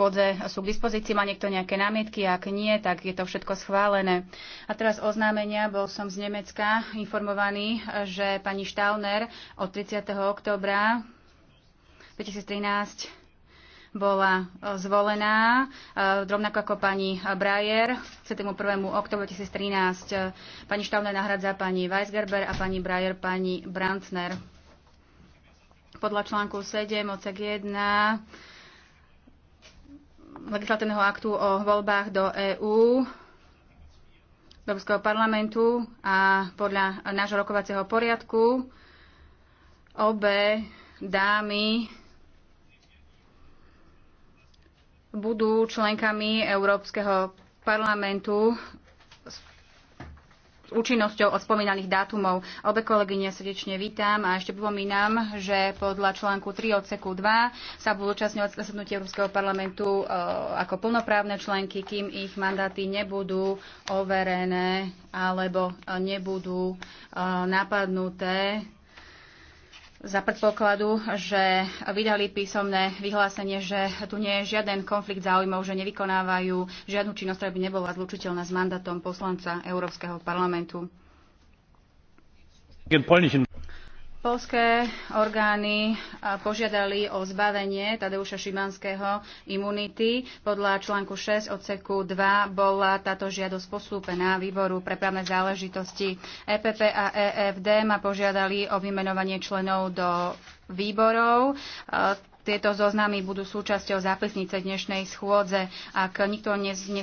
schôdze sú k dispozícii. Má niekto nejaké námietky? Ak nie, tak je to všetko schválené. A teraz oznámenia. Bol som z Nemecka informovaný, že pani Štauner od 30. oktobra 2013 bola e, zvolená, e, rovnako ako pani Brajer, 7. 1. oktobru 2013. Pani Štauner nahradza pani Weisgerber a pani Brajer pani Brandner. Podľa článku 7 odsek 1 legislatívneho aktu o voľbách do EÚ, Európskeho parlamentu a podľa nášho rokovacieho poriadku obe dámy budú členkami Európskeho parlamentu účinnosťou od spomínaných dátumov. Obe kolegyne srdečne vítam a ešte pripomínam, že podľa článku 3 odseku 2 sa budú účastňovať zasadnutie Európskeho parlamentu e, ako plnoprávne členky, kým ich mandáty nebudú overené alebo e, nebudú e, napadnuté za predpokladu, že vydali písomné vyhlásenie, že tu nie je žiaden konflikt záujmov, že nevykonávajú žiadnu činnosť, ktorá by nebola zlučiteľná s mandátom poslanca Európskeho parlamentu. Polské orgány požiadali o zbavenie Tadeuša Šimanského imunity. Podľa článku 6 odseku 2 bola táto žiadosť postúpená výboru pre právne záležitosti. EPP a EFD ma požiadali o vymenovanie členov do výborov. Tieto zoznamy budú súčasťou zápisnice dnešnej schôdze. Ak nikto ne,